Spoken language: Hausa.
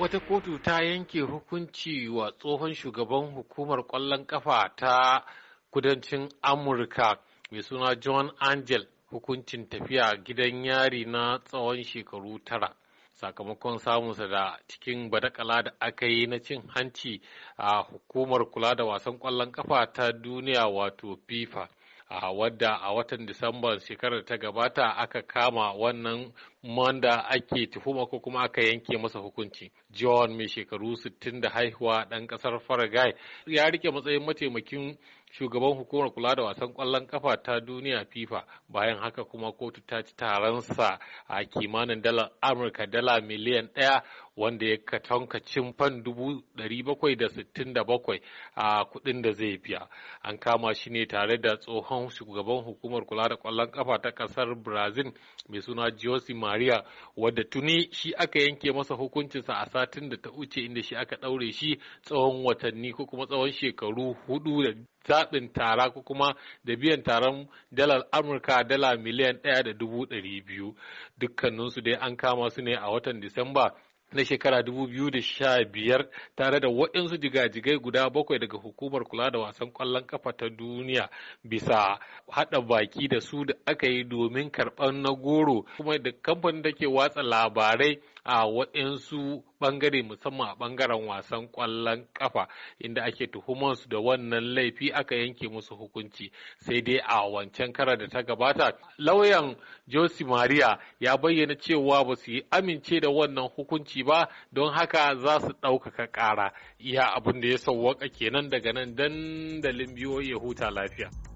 wata kotu ta yanke hukunci wa tsohon shugaban hukumar ƙwallon kafa ta kudancin amurka mai suna john angel hukuncin tafiya gidan yari na tsawon shekaru tara sakamakon samunsa da cikin badakala da aka yi na cin hanci a hukumar kula da wasan kwallon kafa ta duniya wato fifa a wadda a watan disamban shekarar ta gabata aka kama wannan wanda ake tuhuma ko kuma aka yanke masa hukunci. John mai shekaru 60 da haihuwa ɗan ƙasar Faragai ya rike matsayin mataimakin shugaban hukumar kula da wasan kwallon kafa ta duniya FIFA bayan haka kuma kotu ta ci taronsa a kimanin dalar Amurka dala miliyan ɗaya wanda ya katonka cin fan dubu da sittin da bakwai a kuɗin da zai biya an kama shi ne tare da tsohon shugaban hukumar kula da kwallon kafa ta ƙasar Brazil mai suna Jose Mariya wadda tuni shi aka yanke masa hukuncinsa a satin da ta wuce inda shi aka ɗaure shi tsawon watanni ko kuma tsawon shekaru hudu da zaɓin tara ko kuma da biyan taron dalar Amurka dala miliyan ɗaya da dubu ɗari Dukkaninsu dai an kama su ne a watan Disamba na shekara 2015 tare da waɗansu jigajigai guda bakwai daga hukumar kula da wasan ƙwallon kafa ta duniya bisa haɗa baki da su da aka yi domin karɓar na goro kuma da kamfanin da ke watsa labarai a waɗansu bangare musamman a bangaren wasan kwallon kafa inda ake tuhumansu da wannan laifi aka yanke musu hukunci sai dai a wancan kara da ta gabata lauyan josi Maria ya bayyana cewa ba su yi amince da wannan hukunci ba don haka za su ɗaukaka ƙara iya abin da ya sauwaka kenan daga nan dandalin biyo ya huta lafiya.